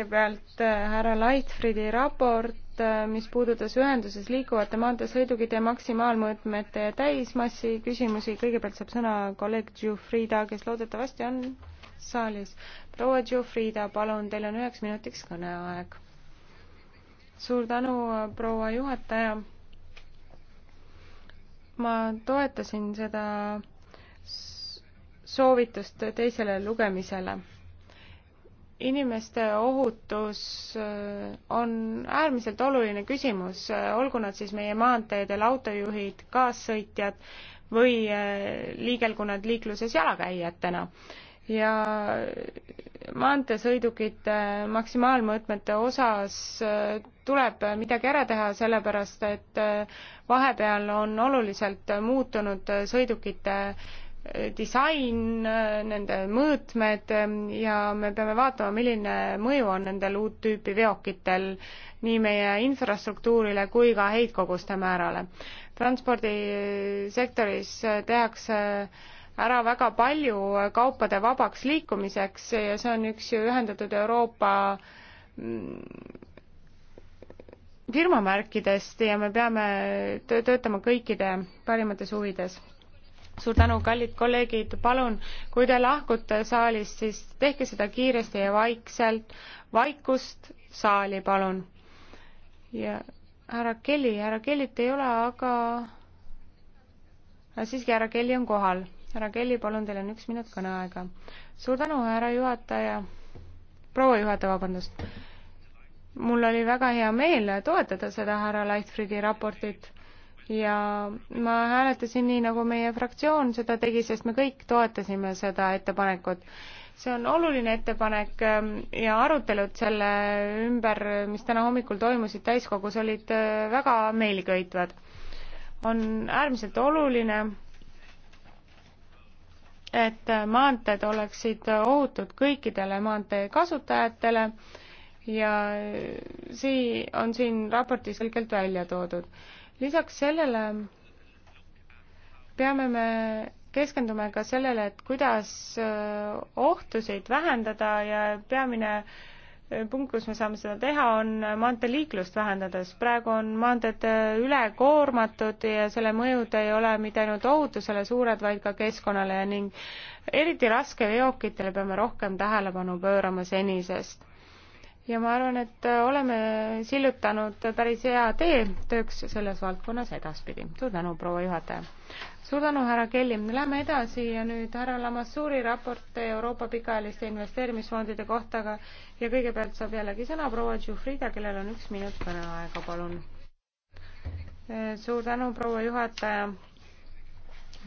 kõigepealt äh, härra Leitfriedi raport, äh, mis puudutas ühenduses liikuvate maanteesõidukite maksimaalmõõtmete ja täismassi küsimusi. kõigepealt saab sõna kolleeg Jufrida, kes loodetavasti on saalis. proua Jufrida, palun, teil on üheks minutiks kõneaeg. suur tänu, äh, proua juhataja. ma toetasin seda soovitust teisele lugemisele inimeste ohutus äh, on äärmiselt oluline küsimus, äh, olgu nad siis meie maanteedel autojuhid, kaassõitjad või äh, liigelgu nad liikluses jalakäijatena. ja maanteesõidukite maksimaalmõõtmete osas tuleb midagi ära teha, sellepärast et vahepeal on oluliselt muutunud sõidukite disain, nende mõõtmed ja me peame vaatama, milline mõju on nendel uut tüüpi veokitel nii meie infrastruktuurile kui ka heitkoguste määrale. transpordisektoris tehakse ära väga palju kaupade vabaks liikumiseks ja see on üks ju ühendatud Euroopa mm, firmamärkidest ja me peame töötama kõikide parimates huvides suur tänu, kallid kolleegid, palun, kui te lahkute saalist, siis tehke seda kiiresti ja vaikselt, vaikust saali, palun. ja härra Kelly, härra Kellyt ei ole, aga no, siiski härra Kelly on kohal. härra Kelly, palun, teil on üks minut kõneaega. suur tänu, härra juhataja, proua juhataja, vabandust. mul oli väga hea meel toetada seda härra Leichtfriedi raportit ja ma hääletasin nii, nagu meie fraktsioon seda tegi, sest me kõik toetasime seda ettepanekut. see on oluline ettepanek ähm, ja arutelud selle ümber, mis täna hommikul toimusid täiskogus, olid äh, väga meeliköitvad. on äärmiselt oluline, et äh, maanteed oleksid äh, ohutud kõikidele maantee kasutajatele ja see on siin raportis selgelt välja toodud. lisaks sellele peame me keskendume ka sellele, et kuidas äh, ohtusid vähendada ja peamine äh, punkt, kus me saame seda teha, on maanteeliiklust vähendades. praegu on maanteed äh, ülekoormatud ja selle mõjud ei ole mitte ainult ohutusele suured, vaid ka keskkonnale ning eriti raskeveokitele peame rohkem tähelepanu pöörama senisest ja ma arvan, et äh, oleme sillutanud päris hea tee tööks selles valdkonnas edaspidi. suur tänu, proua juhataja. suur tänu, härra Kelly. Läheme edasi ja nüüd härra Lamassuuri raport Euroopa pikaajaliste investeerimisfondide kohta, aga ja kõigepealt saab jällegi sõna proua Tšufrida, kellel on üks minut kõneaega, palun. Äh, suur tänu, proua juhataja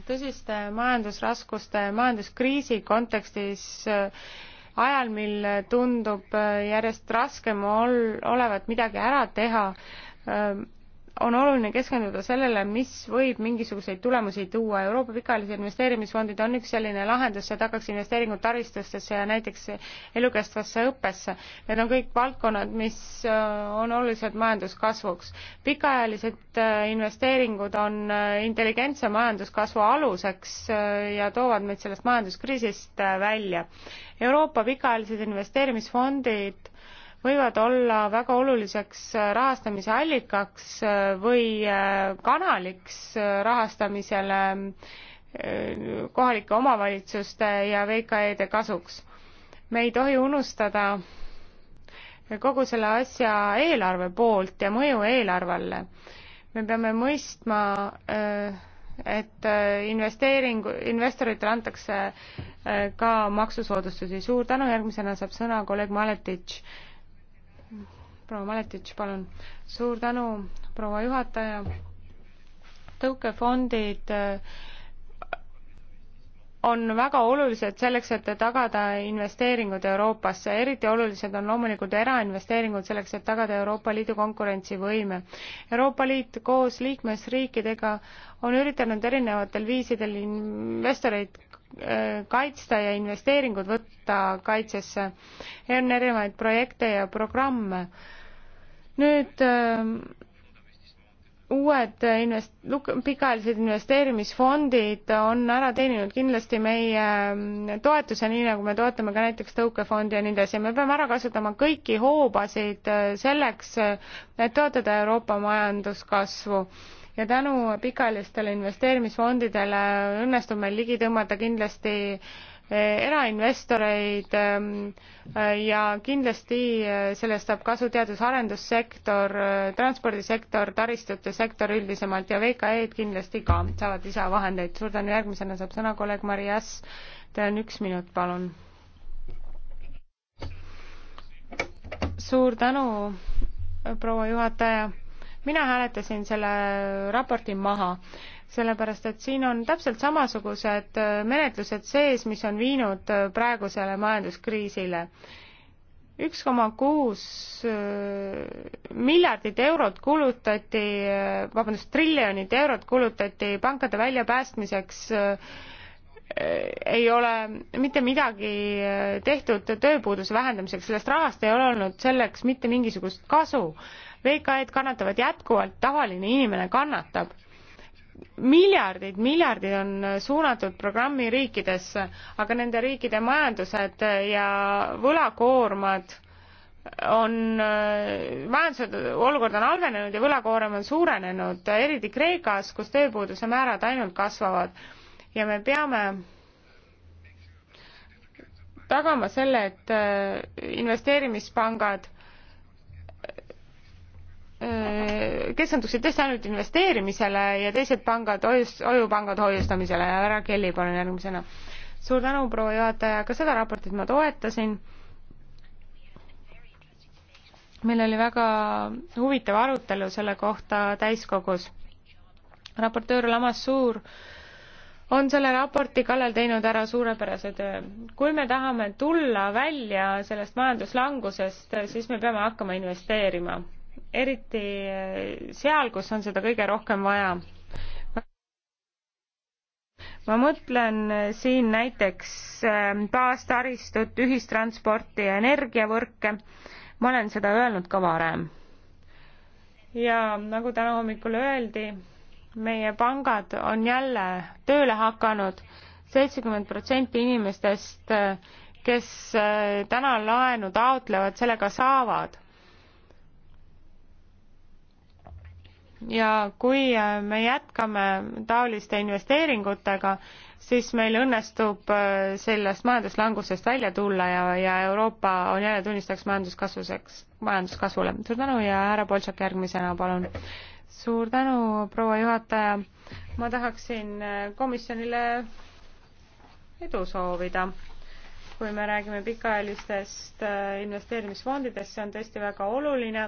tõsiste majandusraskuste, majanduskriisi kontekstis äh, ajal, mil tundub järjest raskem ol-, olevat midagi ära teha, on oluline keskenduda sellele, mis võib mingisuguseid tulemusi tuua. Euroopa pikaajalised investeerimisfondid on üks selline lahendus, see tagaks investeeringud taristustesse ja näiteks elukestvasse õppesse. Need on kõik valdkonnad, mis äh, on olulised majanduskasvuks. pikaajalised äh, investeeringud on äh, intelligentse majanduskasvu aluseks ja toovad meid sellest majanduskriisist välja. Euroopa pikaajalised investeerimisfondid võivad olla väga oluliseks rahastamise allikaks äh, või äh, kanaliks äh, rahastamisele kohalike omavalitsuste ja VKE-de kasuks. me ei tohi unustada kogu selle asja eelarve poolt ja mõju eelarvele. me peame mõistma, et investeering, investoritele antakse ka maksusoodustusi. suur tänu, järgmisena saab sõna kolleeg Maletitš proua Maletitš, palun. suur tänu, proua juhataja. tõukefondid äh, on väga olulised selleks, et tagada investeeringud Euroopasse, eriti olulised on loomulikult erainvesteeringud selleks, et tagada Euroopa Liidu konkurentsivõime. Euroopa Liit koos liikmesriikidega on üritanud erinevatel viisidel investoreid äh, kaitsta ja investeeringud võtta kaitsesse. on erinevaid projekte ja programme nüüd ähm, uued invest- pikaajalised investeerimisfondid on ära teeninud kindlasti meie ähm, toetuse nii nagu me toetame ka näiteks tõukefondi ja nii edasi ja me peame ära kasutama kõiki hoobasid äh, selleks äh, et toetada euroopa majanduskasvu ja tänu pikaajalistele investeerimisfondidele õnnestub meil ligi tõmmata kindlasti erainvestoreid ähm, äh, ja kindlasti äh, sellest saab kasu teadus-arendussektor, äh, transpordisektor, taristute sektor üldisemalt ja VKE-d kindlasti ka saavad lisavahendeid. suur tänu, järgmisena saab sõna kolleeg Mari Jass. Teil on üks minut, palun. suur tänu, proua juhataja mina hääletasin selle raporti maha sellepärast et siin on täpselt samasugused äh, menetlused sees, mis on viinud äh, praegusele majanduskriisile. üks koma kuus äh, miljardit eurot kulutati, vabandust, triljonit eurot kulutati pankade väljapäästmiseks ei ole mitte midagi tehtud tööpuuduse vähendamiseks, sellest rahast ei ole olnud selleks mitte mingisugust kasu. VKE-d kannatavad jätkuvalt, tavaline inimene kannatab miljardid, miljardid on suunatud programmi riikidesse, aga nende riikide majandused ja võlakoormad on, majanduse olukord on halvenenud ja võlakoorem on suurenenud, eriti Kreekas, kus tööpuuduse määrad ainult kasvavad. ja me peame tagama selle, et investeerimispangad keskenduksid tõesti ainult investeerimisele ja teised pangad hoius, hoiupangad hoiustamisele ja härra Kelly, palun järgmisena. suur tänu, proua juhataja, ka seda raportit ma toetasin. meil oli väga huvitav arutelu selle kohta täiskogus. raportöör Lamas Suur on selle raporti kallal teinud ära suurepärase töö. kui me tahame tulla välja sellest majanduslangusest, siis me peame hakkama investeerima eriti seal, kus on seda kõige rohkem vaja. ma mõtlen siin näiteks baastaristut, ähm, ühistransporti ja energiavõrke. ma olen seda öelnud ka varem. ja nagu täna hommikul öeldi, meie pangad on jälle tööle hakanud. seitsekümmend protsenti inimestest, äh, kes äh, täna laenu taotlevad, sellega saavad ja kui äh, me jätkame taoliste investeeringutega, siis meil õnnestub äh, sellest majanduslangusest välja tulla ja, ja Euroopa on jälle tunnistajaks majanduskasvuseks, majanduskasvule. suur tänu ja härra Boltšak järgmisena, palun. suur tänu, proua juhataja. ma tahaksin äh, komisjonile edu soovida kui me räägime pikaajalistest investeerimisfondidest, see on tõesti väga oluline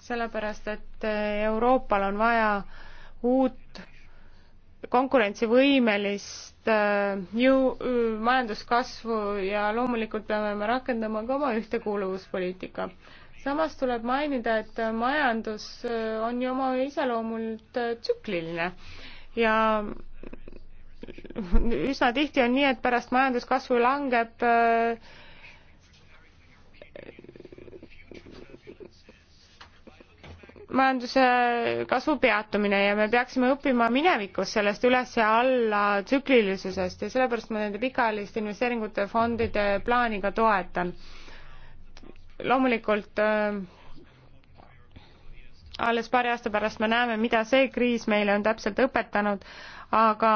sellepärast et eh, Euroopal on vaja uut konkurentsivõimelist eh, ju-, eh, majanduskasvu ja loomulikult peame me rakendama ka oma ühtekuuluvuspoliitika. samas tuleb mainida, et majandus on ju oma iseloomult tsükliline ja üsna tihti on nii, et pärast majanduskasvu langeb äh, majanduse kasvu peatumine ja me peaksime õppima minevikus sellest üles ja alla tsüklilisusest ja sellepärast ma nende pikaajaliste investeeringute fondide plaani ka toetan. loomulikult äh, alles paari aasta pärast me näeme, mida see kriis meile on täpselt õpetanud, aga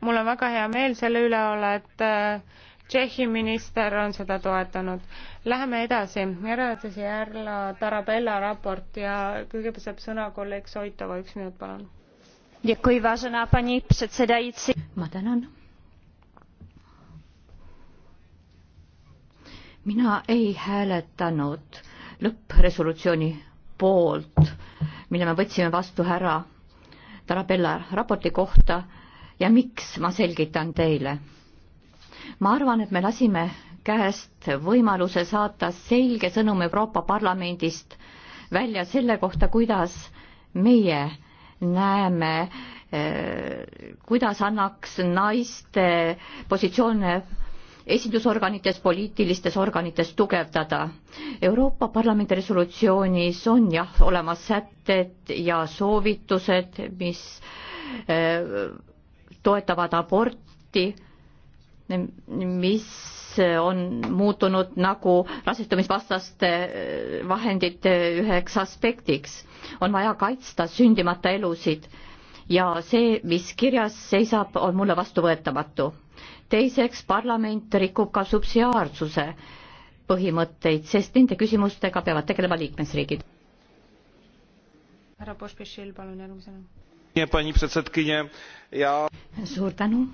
mul on väga hea meel selle üle olla, et äh, Tšehhi minister on seda toetanud. Läheme edasi, järeldusi Järla Tarabella raport ja kõigepealt saab sõna kolleeg Soitova, üks minut palun. ma tänan. mina ei hääletanud lõppresolutsiooni poolt, mille me võtsime vastu härra Tarabella raporti kohta ja miks, ma selgitan teile ma arvan, et me lasime käest võimaluse saata selge sõnum Euroopa Parlamendist välja selle kohta, kuidas meie näeme, eh, kuidas annaks naiste positsioone esindusorganites, poliitilistes organites tugevdada. Euroopa Parlamendi resolutsioonis on jah olemas sätted ja soovitused, mis eh, toetavad aborti mis on muutunud nagu rasestumisvastaste eh, vahendite eh, üheks aspektiks. on vaja kaitsta sündimata elusid ja see, mis kirjas seisab, on mulle vastuvõetamatu. teiseks, parlament rikub ka subsidiaarsuse põhimõtteid, sest nende küsimustega peavad tegelema liikmesriigid. härra Pospišil, palun järgmisena. suur tänu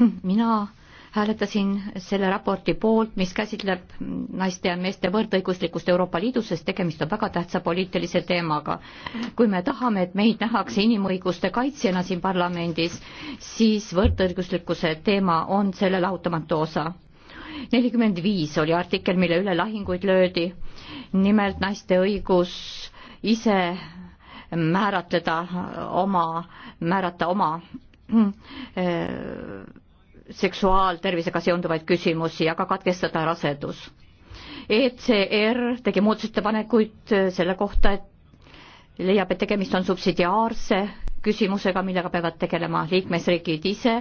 mina hääletasin selle raporti poolt, mis käsitleb naiste ja meeste võrdõiguslikkust Euroopa Liidus, sest tegemist on väga tähtsa poliitilise teemaga. kui me tahame, et meid nähakse inimõiguste kaitsjana siin parlamendis, siis võrdõiguslikkuse teema on selle lahutamatu osa. nelikümmend viis oli artikkel, mille üle lahinguid löödi, nimelt naiste õigus ise määratleda oma, määrata oma äh, seksuaaltervisega seonduvaid küsimusi ja ka katkestada rasedus. ECR tegi muudatusettepanekuid selle kohta, et leiab, et tegemist on subsidiaarse küsimusega, millega peavad tegelema liikmesriigid ise.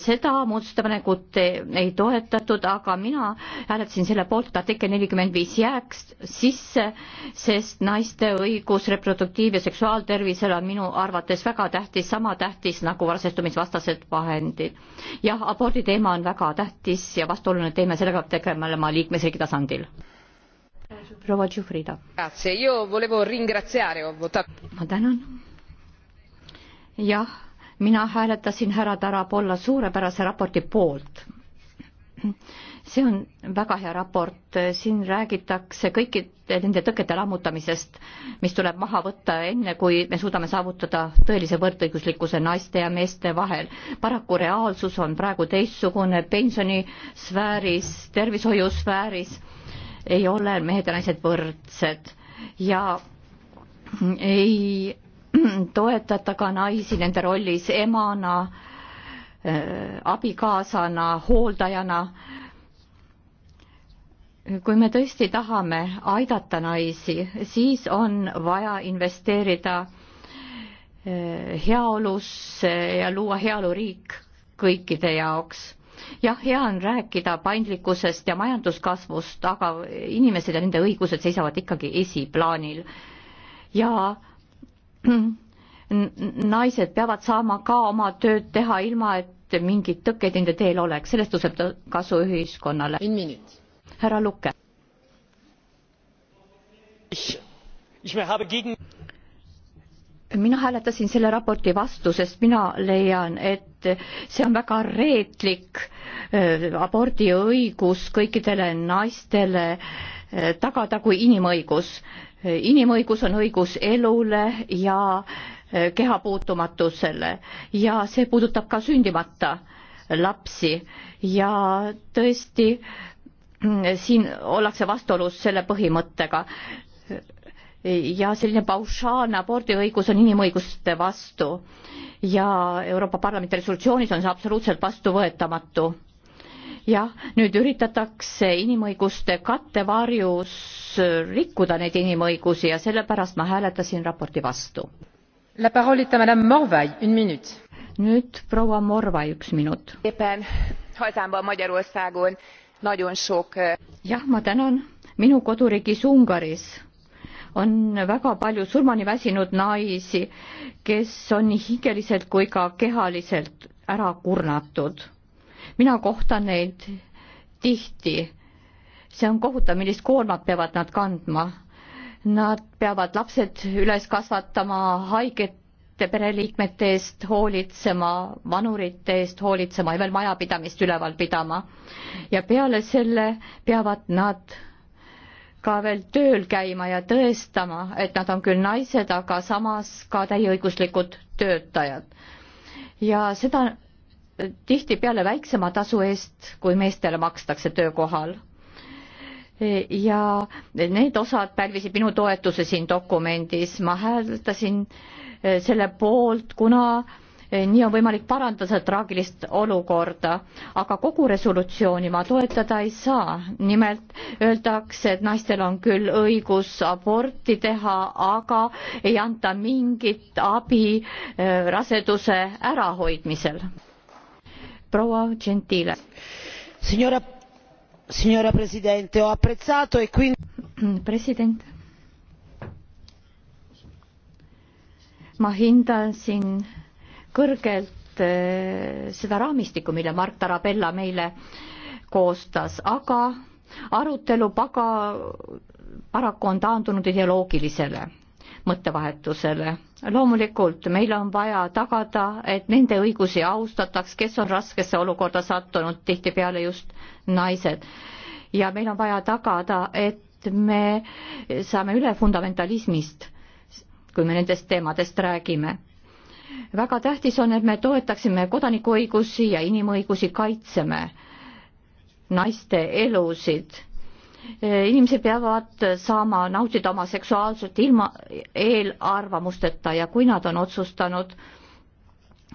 seda muudatusettepanekut ei toetatud, aga mina hääletasin selle poolt, et artikkel nelikümmend viis jääks sisse, sest naiste õigus reproduktiiv- ja seksuaaltervisele on minu arvates väga tähtis, sama tähtis nagu varasestumisvastased vahendid. jah, abordi teema on väga tähtis ja vastuoluline teema, sellega peab tegelema liikmesriigi tasandil proua Tšufrida. ma tänan jah, mina hääletasin härra Tarapolla suurepärase raporti poolt. see on väga hea raport, siin räägitakse kõikide nende tõkete lammutamisest, mis tuleb maha võtta enne, kui me suudame saavutada tõelise võrdõiguslikkuse naiste ja meeste vahel. paraku reaalsus on praegu teistsugune pensionisfääris, tervishoiusfääris ei ole mehed ja naised võrdsed ja ei toetada ka naisi nende rollis emana, äh, abikaasana, hooldajana. kui me tõesti tahame aidata naisi, siis on vaja investeerida äh, heaolusse ja luua heaoluriik kõikide jaoks. jah, hea on rääkida paindlikkusest ja majanduskasvust, aga inimesed ja nende õigused seisavad ikkagi esiplaanil. ja äh, naised peavad saama ka oma tööd teha, ilma et mingeid tõkkeid nende teel oleks, sellest tõuseb kasu ühiskonnale. härra Lukke. mina hääletasin selle raporti vastu, sest mina leian, et see on väga reetlik äh, abordiõigus kõikidele naistele äh, tagada kui inimõigus inimõigus on õigus elule ja e, keha puutumatusele ja see puudutab ka sündimata lapsi ja tõesti mm, siin ollakse vastuolus selle põhimõttega. ja selline paušaalne abordiõigus on inimõiguste vastu ja Euroopa Parlamendi resolutsioonis on see absoluutselt vastuvõetamatu jah, nüüd üritatakse inimõiguste kattevarjus rikkuda neid inimõigusi ja sellepärast ma hääletasin raporti vastu. nüüd proua Morvai, üks minut. jah, ma tänan. minu koduriigis Ungaris on väga palju surmani väsinud naisi, kes on nii hingeliselt kui ka kehaliselt ära kurnatud mina kohtan neid tihti. see on kohutav, millist koormat peavad nad kandma. Nad peavad lapsed üles kasvatama, haigete pereliikmete eest hoolitsema, vanurite eest hoolitsema ja veel majapidamist üleval pidama. ja peale selle peavad nad ka veel tööl käima ja tõestama, et nad on küll naised, aga samas ka täieõiguslikud töötajad. ja seda tihtipeale väiksema tasu eest, kui meestele makstakse töökohal. ja need osad pälvisid minu toetuse siin dokumendis, ma hääldasin eh, selle poolt, kuna eh, nii on võimalik parandada seda traagilist olukorda, aga kogu resolutsiooni ma toetada ei saa. nimelt öeldakse, et naistel on küll õigus aborti teha, aga ei anta mingit abi eh, raseduse ärahoidmisel proua Gentile. Signora, signora presidente, ho apprezzato e quindi. president. ma hindasin kõrgelt eh, seda raamistikku, mille Mark Tarabella meile koostas, aga arutelu paga paraku on taandunud ideoloogilisele mõttevahetusele. loomulikult meil on vaja tagada, et nende õigusi austataks, kes on raskesse olukorda sattunud, tihtipeale just naised. ja meil on vaja tagada, et me saame üle fundamentalismist, kui me nendest teemadest räägime väga tähtis on, et me toetaksime kodanikuõigusi ja inimõigusi kaitseme naiste elusid inimesed peavad saama nautida oma seksuaalset ilma eelarvamusteta ja kui nad on otsustanud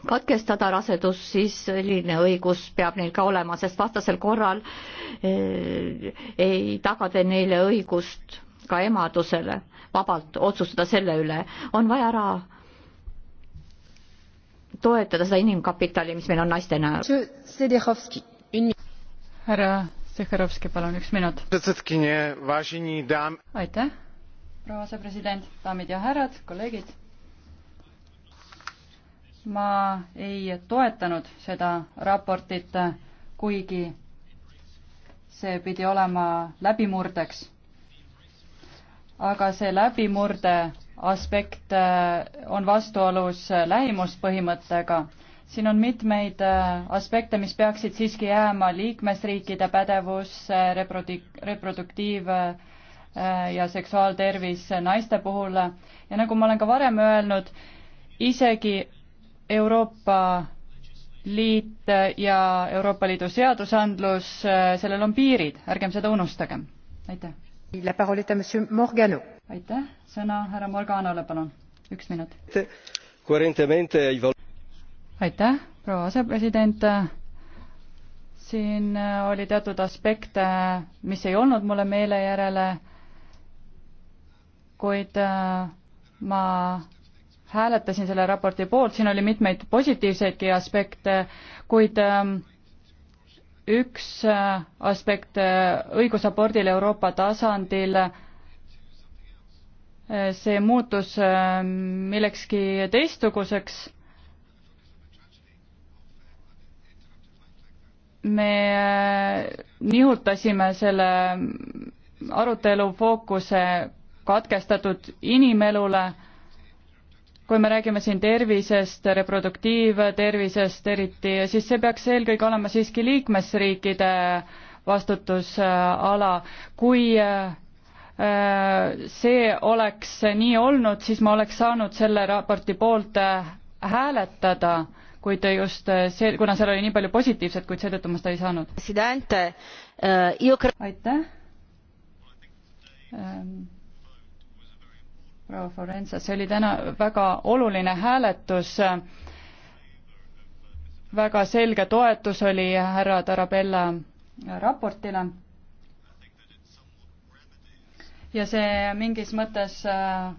katkestada rasedus, siis selline õigus peab neil ka olema, sest vastasel korral eh, ei taga te neile õigust ka emadusele vabalt otsustada selle üle. on vaja ära toetada seda inimkapitali, mis meil on naiste näol. härra Sihharovski, palun, üks minut. aitäh, proua asepresident, daamid ja härrad, kolleegid. ma ei toetanud seda raportit, kuigi see pidi olema läbimurdeks. aga see läbimurde aspekt äh, on vastuolus lähimuspõhimõttega siin on mitmeid äh, aspekte, mis peaksid siiski jääma liikmesriikide pädevusse, reprodik-, reproduktiiv- äh, ja seksuaaltervis naiste puhul ja nagu ma olen ka varem öelnud, isegi Euroopa Liit ja Euroopa Liidu seadusandlus, äh, sellel on piirid, ärgem seda unustagem. aitäh. aitäh, sõna härra Morganole, palun, üks minut aitäh, proua asepresident. siin oli teatud aspekte, mis ei olnud mulle meele järele, kuid äh, ma hääletasin selle raporti poolt, siin oli mitmeid positiivseidki aspekte, kuid äh, üks äh, aspekt õigusabordil Euroopa tasandil see muutus millekski teistsuguseks me äh, nihutasime selle arutelu fookuse katkestatud inimelule, kui me räägime siin tervisest, reproduktiivtervisest eriti, siis see peaks eelkõige olema siiski liikmesriikide vastutusala. kui äh, see oleks nii olnud, siis ma oleks saanud selle raporti poolt äh, hääletada äh, kuid just eh, see, kuna seal oli nii palju positiivset, kuid seetõttu ma seda ei saanud. Eh, aitäh. Ähm, proua Forenza, see oli täna väga oluline hääletus. väga selge toetus oli härra Tarabella raportile ja see mingis mõttes äh,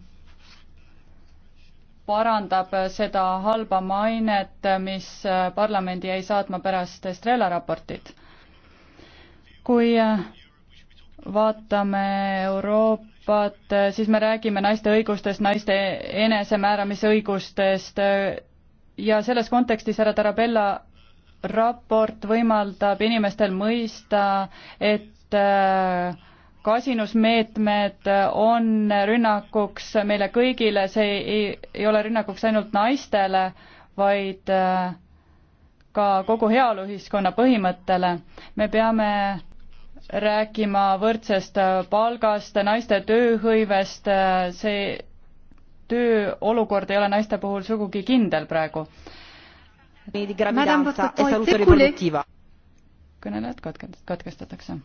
parandab seda halba mainet, mis parlamendi jäi saatma pärast Estrela raportit. kui vaatame Euroopat, siis me räägime naiste õigustest, naiste enesemääramisõigustest ja selles kontekstis härra Tarabella raport võimaldab inimestel mõista, et äh, kasinusmeetmed on rünnakuks meile kõigile, see ei, ei ole rünnakuks ainult naistele, vaid äh, ka kogu heaoluühiskonna põhimõttele. me peame rääkima võrdsest äh, palgast, naiste tööhõivest, äh, see tööolukord ei ole naiste puhul sugugi kindel praegu. kõnelejad katkestatakse.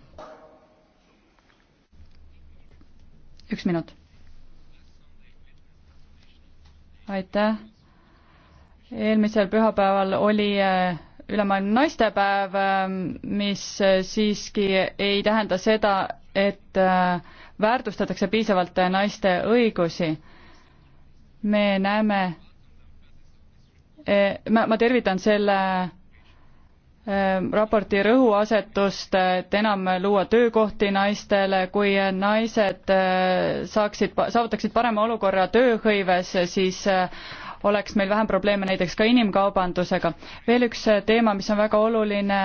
üks minut. aitäh. eelmisel pühapäeval oli äh, ülemaailmne naistepäev, ähm, mis äh, siiski ei tähenda seda, et äh, väärtustatakse piisavalt naiste õigusi. me näeme, ma, ma tervitan selle Ehm, raporti rõhuasetust, et enam luua töökohti naistele, kui naised ehm, saaksid, saavutaksid parema olukorra tööhõives, siis ehm, oleks meil vähem probleeme näiteks ka inimkaubandusega. veel üks teema, mis on väga oluline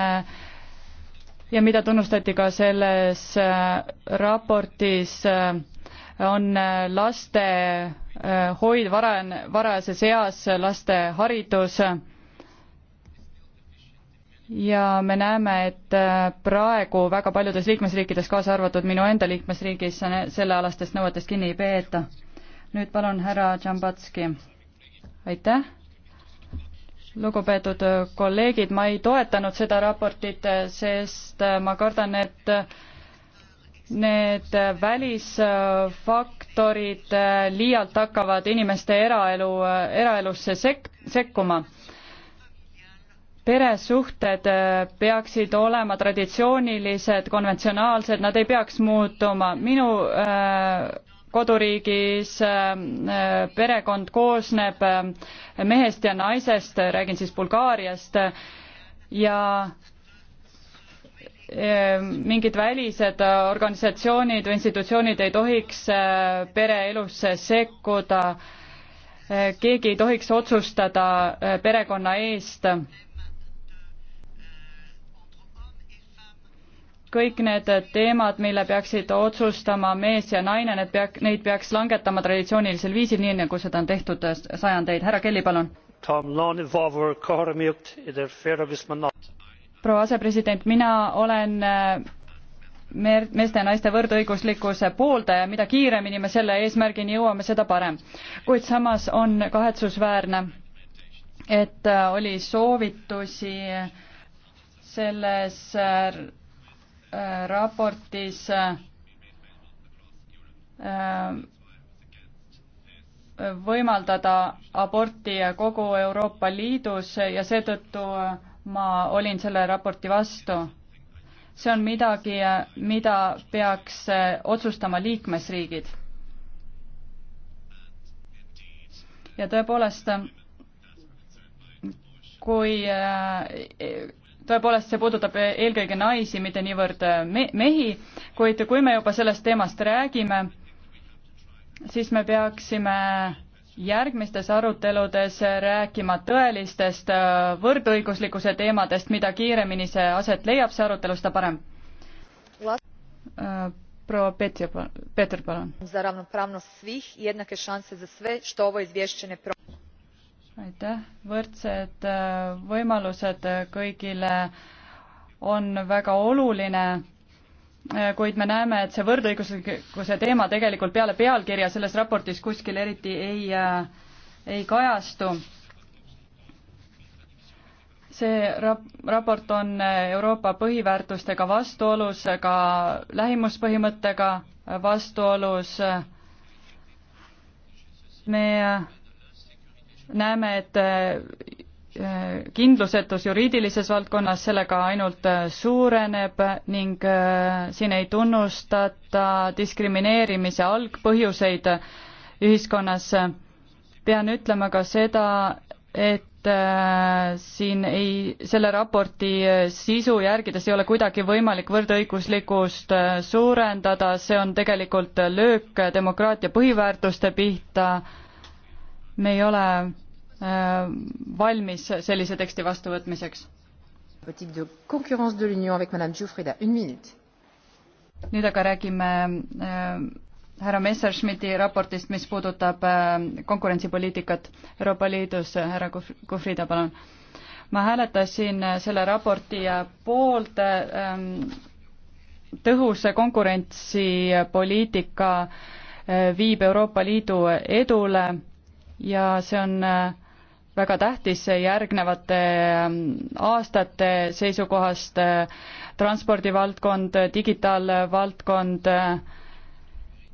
ja mida tunnustati ka selles raportis, on laste hoid varajane, varajases eas, laste haridus ja me näeme, et äh, praegu väga paljudes liikmesriikides, kaasa arvatud minu enda liikmesriigis, e-, sellealastest nõuetest kinni ei peeta. nüüd palun härra Džambatski. aitäh. lugupeetud äh, kolleegid, ma ei toetanud seda raportit, äh, sest ma kardan, et need välisfaktorid liialt hakkavad inimeste eraelu, eraelusse sek-, sekkuma peresuhted äh, peaksid olema traditsioonilised, konventsionaalsed, nad ei peaks muutuma. minu äh, koduriigis äh, perekond koosneb mehest ja naisest, räägin siis Bulgaariast, ja mingid välised organisatsioonid või institutsioonid ei tohiks pereelusse sekkuda, keegi ei tohiks otsustada perekonna eest kõik need teemad, mille peaksid otsustama mees ja naine, need peak-, neid peaks langetama traditsioonilisel viisil, nii nagu seda on tehtud sajandeid. härra Kelly, palun. proua asepresident, mina olen äh, meer-, meeste ja naiste võrdõiguslikkuse pooldaja, mida kiiremini me selle eesmärgini jõuame, seda parem. kuid samas on kahetsusväärne, et äh, oli soovitusi selles äh, Äh, raportis äh, äh, võimaldada aborti kogu Euroopa Liidus ja seetõttu ma olin selle raporti vastu. see on midagi, mida peaks otsustama liikmesriigid. ja tõepoolest, kui tõepoolest, see puudutab eelkõige naisi, mitte niivõrd äh, me-, mehi, kuid kui me juba sellest teemast räägime, siis me peaksime järgmistes aruteludes rääkima tõelistest äh, võrdõiguslikkuse teemadest, mida kiiremini see aset leiab, see arutelu, seda parem. Äh, proua Petja, Peeter, palun aitäh, võrdsed äh, võimalused äh, kõigile on väga oluline, äh, kuid me näeme, et see võrdõiguslikkuse teema tegelikult peale pealkirja selles raportis kuskil eriti ei, ei kajastu. see rap-, raport on Euroopa põhiväärtustega vastuolus, ka lähimuspõhimõttega vastuolus. me näeme, et äh, kindlusetus juriidilises valdkonnas sellega ainult äh, suureneb ning äh, siin ei tunnustata diskrimineerimise algpõhjuseid ühiskonnas. pean ütlema ka seda, et siin ei, selle raporti sisu järgides ei ole kuidagi võimalik võrdõiguslikkust suurendada, see on tegelikult löök demokraatia põhiväärtuste pihta, me ei ole äh, valmis sellise teksti vastuvõtmiseks. nüüd aga räägime äh, härra Messerschmitti raportist, mis puudutab äh, konkurentsipoliitikat Euroopa Liidus. härra Kufrida, palun. ma hääletasin selle raporti poolt tõhusa konkurentsipoliitika viib Euroopa Liidu edule ja see on äh, väga tähtis järgnevate äh, aastate seisukohast, äh, transpordivaldkond, digitaalvaldkond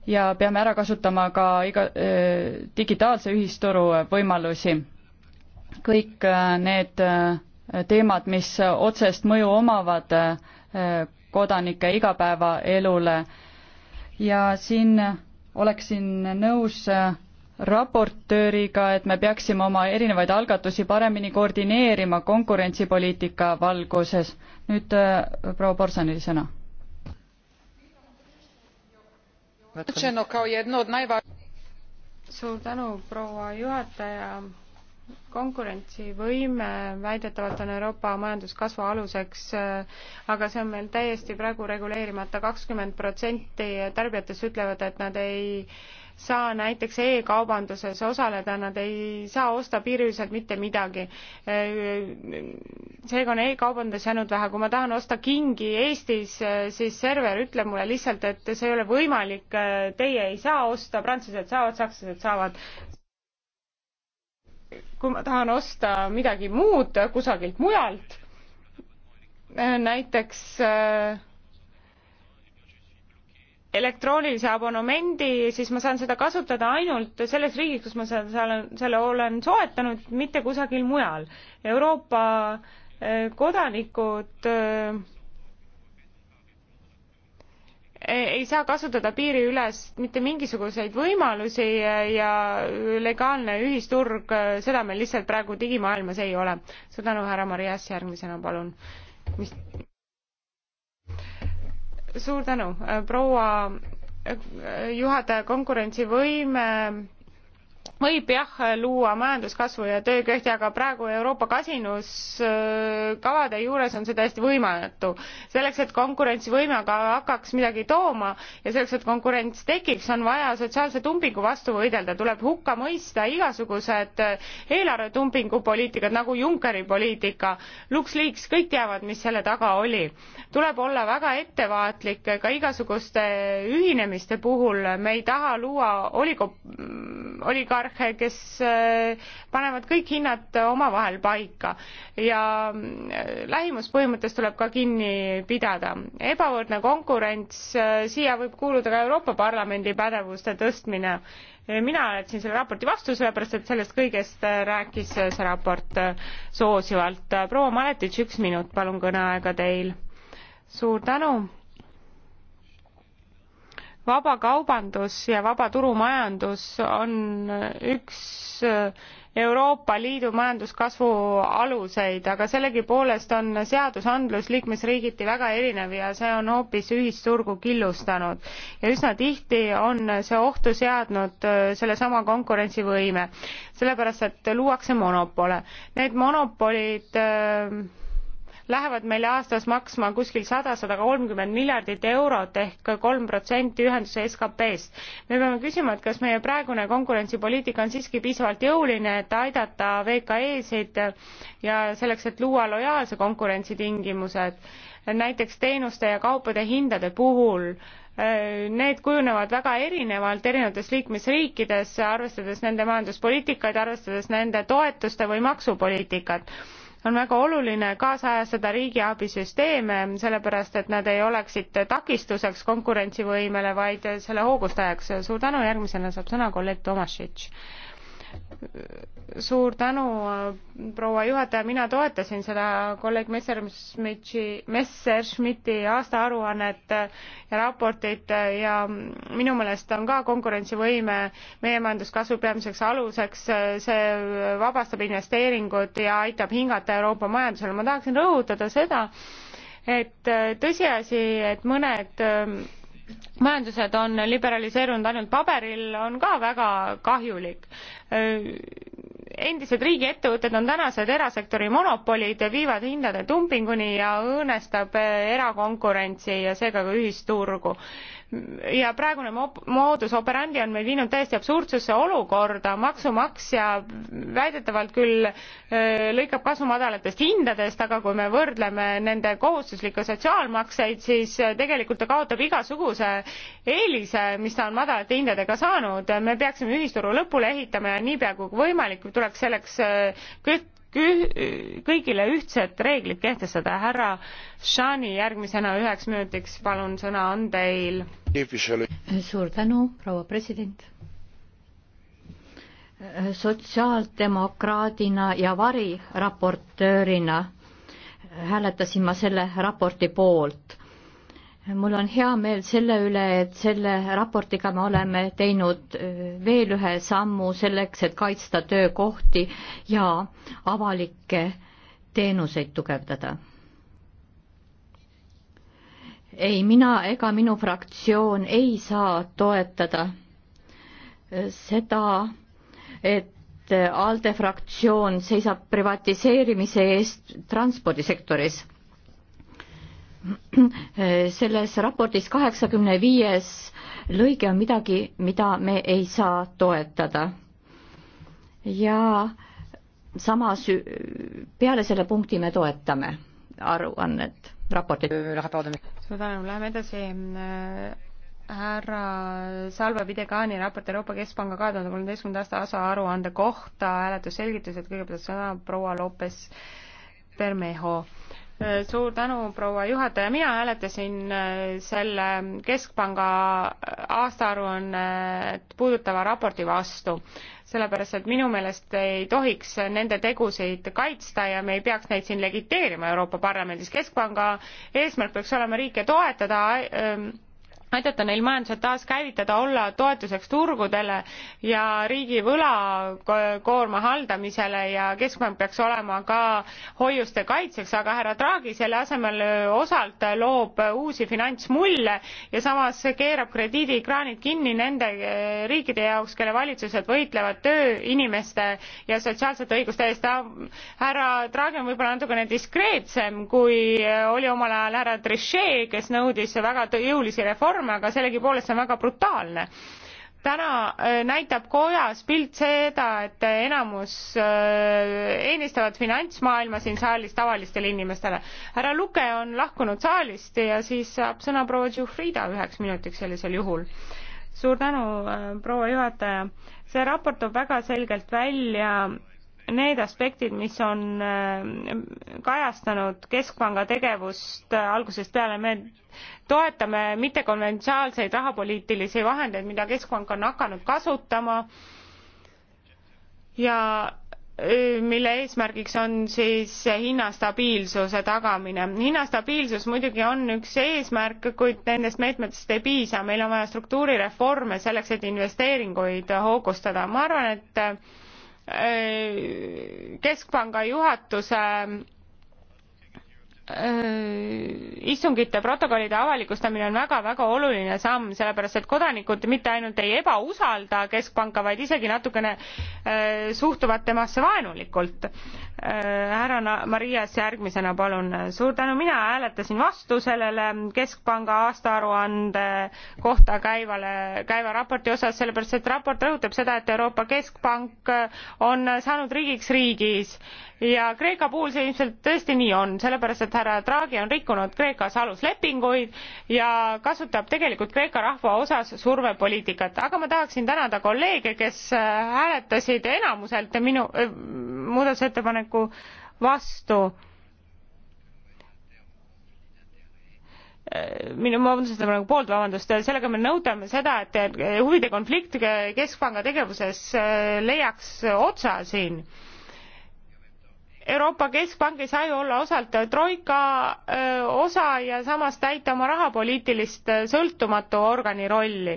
ja peame ära kasutama ka iga äh, digitaalse ühisturu võimalusi. kõik need teemad, mis otsest mõju omavad kodanike igapäevaelule ja siin oleksin nõus äh, raportööriga, et me peaksime oma erinevaid algatusi paremini koordineerima konkurentsipoliitika valguses. nüüd äh, proua Borsanil sõna. suur tänu, proua juhataja konkurentsivõime väidetavalt on Euroopa majanduskasvu aluseks, äh, aga see on meil täiesti praegu reguleerimata, kakskümmend protsenti tarbijatest ütlevad, et nad ei saa näiteks e-kaubanduses osaleda, nad ei saa osta piiriliselt mitte midagi. Äh, seega on e-kaubandus jäänud vähe, kui ma tahan osta kingi Eestis, äh, siis server ütleb mulle lihtsalt, et see ei ole võimalik, teie ei saa osta, prantslased saavad, sakslased saavad kui ma tahan osta midagi muud kusagilt mujalt, äh, näiteks äh, elektroonilise abonomendi, siis ma saan seda kasutada ainult selles riigis, kus ma selle, selle olen soetanud, mitte kusagil mujal. Euroopa äh, kodanikud öö, ei saa kasutada piiriülest mitte mingisuguseid võimalusi ja legaalne ühisturg, seda meil lihtsalt praegu digimaailmas ei ole. suur tänu, härra Marias, järgmisena palun. mis? suur tänu, proua juhataja, konkurentsivõime võib jah luua majanduskasvu ja töökohti, aga praegu Euroopa kasinuskavade juures on see täiesti võimatu. selleks, et konkurentsivõime aga hakkaks midagi tooma ja selleks, et konkurents tekiks, on vaja sotsiaalse tumpingu vastu võidelda, tuleb hukka mõista igasugused eelarvetumpingu poliitikad nagu Junckeri poliitika, LuxLeaks, kõik teavad, mis selle taga oli. tuleb olla väga ettevaatlik ka igasuguste ühinemiste puhul, me ei taha luua oligo-, mm, oligo-, oligarhe, kes äh, panevad kõik hinnad omavahel paika ja äh, lähimuspõhimõttest tuleb ka kinni pidada. ebavõrdne konkurents, äh, siia võib kuuluda ka Euroopa Parlamendi pädevuste tõstmine. mina hääletasin selle raporti vastu, sellepärast et sellest kõigest rääkis see raport soosivalt. proua Maletitš, üks minut, palun kõneaega teil. suur tänu vaba kaubandus ja vaba turumajandus on üks Euroopa Liidu majanduskasvu aluseid, aga sellegipoolest on seadusandlus liikmesriigiti väga erinev ja see on hoopis ühisturgu killustanud. ja üsna tihti on see ohtu seadnud äh, sellesama konkurentsivõime, sellepärast et luuakse monopole. Need monopolid äh, lähevad meile aastas maksma kuskil sada sada kolmkümmend miljardit eurot ehk kolm protsenti ühenduse skp-st. me peame küsima, et kas meie praegune konkurentsipoliitika on siiski piisavalt jõuline, et aidata VKE-sid ja selleks, et luua lojaalse konkurentsi tingimused näiteks teenuste ja kaupade hindade puhul need kujunevad väga erinevalt erinevates liikmesriikides arvestades nende majanduspoliitikaid arvestades nende toetuste või maksupoliitikat on väga oluline kaasajastada riigiabisüsteeme, sellepärast et nad ei oleksid takistuseks konkurentsivõimele, vaid selle hoogustajaks. suur tänu, järgmisena saab sõna kolleeg Tomašitš suur tänu, proua juhataja, mina toetasin seda kolleeg Messerschmitti, Messerschmitti aastaaruannet ja raportit ja minu meelest on ka konkurentsivõime meie majanduskasvu peamiseks aluseks, see vabastab investeeringud ja aitab hingata Euroopa majandusele, ma tahaksin rõhutada seda, et tõsiasi, et mõned majandused on liberaliseerunud ainult paberil, on ka väga kahjulik. endised riigiettevõtted on tänased erasektori monopolid, viivad hindade dumpinguni ja õõnestab erakonkurentsi ja seega ka ühisturgu ja praegune moodus operandi on meil viinud täiesti absurdsusse olukorda, maksumaksja väidetavalt küll lõikab kasu madalatest hindadest, aga kui me võrdleme nende kohustuslikke sotsiaalmakseid, siis tegelikult ta kaotab igasuguse eelise, mis ta on madalate hindadega saanud. me peaksime ühisturu lõpule ehitama ja niipea kui võimalik, tuleks selleks kõik kõigile ühtsed reeglid kehtestada. härra Shani, järgmisena üheks minutiks palun, sõna on teil. suur tänu, proua president sotsiaaldemokraadina ja variraportöörina hääletasin ma selle raporti poolt mul on hea meel selle üle, et selle raportiga me oleme teinud veel ühe sammu selleks, et kaitsta töökohti ja avalikke teenuseid tugevdada. ei mina ega minu fraktsioon ei saa toetada seda, et ALDE fraktsioon seisab privatiseerimise eest transpordisektoris selles raportis kaheksakümne viies lõige on midagi, mida me ei saa toetada. ja samas peale selle punkti me toetame aruannet, raportit. suur tänu, läheme edasi härra Salve Pidegani raport Euroopa Keskpanga kahe tuhande kolmeteistkümnenda aasta ASA aruande kohta hääletusselgitused, kõigepealt sõna proua Lopes Bermejo Äh, suur tänu, proua juhataja, mina hääletasin äh, selle Keskpanga aastaaruannet äh, puudutava raporti vastu, sellepärast et minu meelest ei tohiks nende tegusid kaitsta ja me ei peaks neid siin legiteerima Euroopa Parlamendis. keskpanga eesmärk peaks olema riike toetada äh, aidata neil majandused taaskäivitada, olla toetuseks turgudele ja riigi võlakoorma haldamisele ja keskpank peaks olema ka hoiuste kaitseks, aga härra Draghi selle asemel osalt loob uusi finantsmulle ja samas keerab krediidikraanid kinni nende eh, riikide jaoks, kelle valitsused võitlevad tööinimeste ja sotsiaalsete õiguste eest. härra Draghi on võib-olla natukene diskreetsem, kui oli omal ajal härra Trichet, kes nõudis väga jõulisi reforme, reform, aga sellegipoolest see on väga brutaalne täna äh, näitab kojas pilt seda, et enamus äh, eelistavad finantsmaailma siin saalis tavalistele inimestele. härra Luke on lahkunud saalist ja siis saab sõna proua Tšufrida üheks minutiks sellisel juhul. suur tänu, äh, proua juhataja. see raport toob väga selgelt välja need aspektid, mis on äh, kajastanud Keskpanga tegevust äh, algusest peale, me toetame mittekonventsiaalseid rahapoliitilisi vahendeid, mida Keskpank on hakanud kasutama ja äh, mille eesmärgiks on siis hinnastabiilsuse tagamine. hinnastabiilsus muidugi on üks eesmärk, kuid nendest meetmetest ei piisa, meil on vaja struktuurireforme selleks, et investeeringuid hoogustada. ma arvan, et keskpanga juhatuse Äh, istungite protokollide avalikustamine on väga väga oluline samm sellepärast et kodanikud mitte ainult ei ebausalda keskpanka vaid isegi natukene äh, suhtuvad temasse vaenulikult äh, härra äh, marias järgmisena palun suur tänu mina hääletasin vastu sellele keskpanga aastaaruande kohta käivale käiva raporti osas sellepärast et raport rõhutab seda et euroopa keskpank on saanud riigiks riigis ja kreeka puhul see ilmselt tõesti nii on sellepärast et et härra Draghi on rikkunud Kreekas aluslepinguid ja kasutab tegelikult Kreeka rahva osas survepoliitikat. aga ma tahaksin tänada kolleege, kes äh, hääletasid enamuselt minu äh, muudatusettepaneku vastu äh, minu muudatusettepaneku poolt, vabandust, sellega me nõutame seda, et huvide konflikt keskpanga tegevuses äh, leiaks otsa siin Euroopa Keskpank ei saa ju olla osalt troika osa ja samas täita oma rahapoliitilist sõltumatu organi rolli.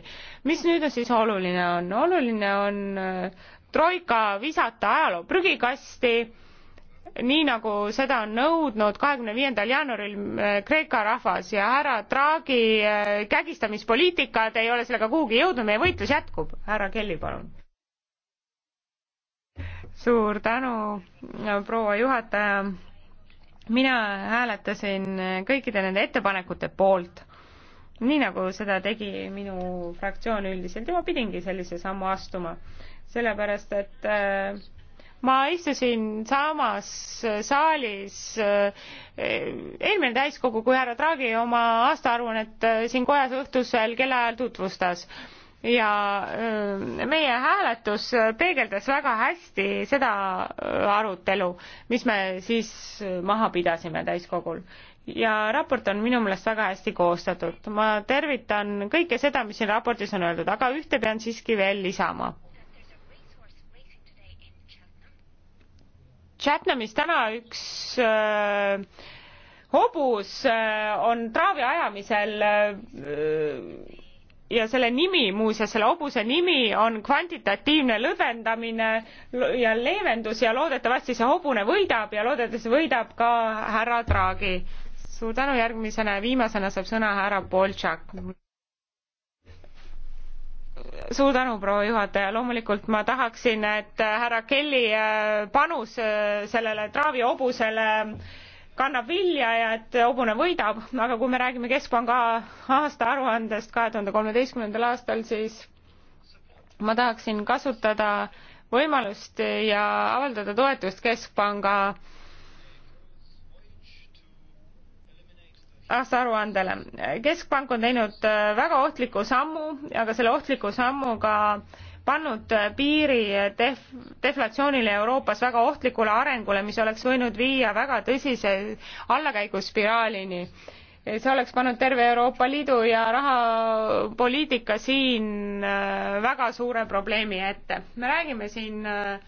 mis nüüd on siis oluline on? oluline on troika visata ajaloo prügikasti, nii nagu seda on nõudnud kahekümne viiendal jaanuaril Kreeka rahvas ja härra Draghi kägistamispoliitikad ei ole sellega kuhugi jõudnud, meie võitlus jätkub. härra Kelly, palun suur tänu, proua juhataja. mina hääletasin kõikide nende ettepanekute poolt, nii nagu seda tegi minu fraktsioon üldiselt ja ma pidingi sellise sammu astuma, sellepärast et äh, ma istusin samas saalis äh, eelmine täiskogu, kui härra Draghi oma aastaaruannet äh, siin kojas õhtusel kellaajal tutvustas ja meie hääletus peegeldas väga hästi seda arutelu, mis me siis maha pidasime täiskogul. ja raport on minu meelest väga hästi koostatud. ma tervitan kõike seda, mis siin raportis on öeldud, aga ühte pean siiski veel lisama Chatnamis täna üks äh, hobus äh, on traavi ajamisel äh, ja selle nimi muuseas, selle hobuse nimi on kvantitatiivne lõdvendamine ja leevendus ja loodetavasti see hobune võidab ja loodetavasti võidab ka härra Draghi. suur tänu, järgmisena ja viimasena saab sõna härra Boltšak. suur tänu, proua juhataja, loomulikult ma tahaksin, et härra Kelly äh, panus äh, sellele Draghi hobusele äh, kannab vilja ja et hobune võidab, aga kui me räägime Keskpanga aastaaruandest kahe tuhande kolmeteistkümnendal aastal, siis ma tahaksin kasutada võimalust ja avaldada toetust Keskpanga aastaaruandele. keskpank on teinud väga ohtliku sammu, aga selle ohtliku sammuga äh, pannud piiri def-, deflatsioonile Euroopas, väga ohtlikule arengule, mis oleks võinud viia väga tõsise allakäiguspiraalini. see oleks pannud terve Euroopa Liidu ja rahapoliitika siin äh, väga suure probleemi ette. me räägime siin äh,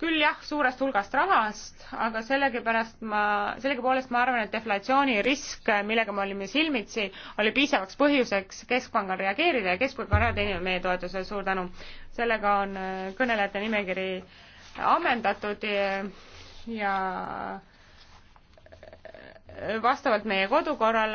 küll jah, suurest hulgast rahast, aga sellegipärast ma, sellegipoolest ma arvan, et deflatsiooni risk, millega me olime silmitsi, oli piisavaks põhjuseks Keskpangal reageerida ja Keskpank on ära teeninud meie toetuse, suur tänu. sellega on äh, kõnelejate nimekiri ammendatud ja äh, vastavalt meie kodukorrale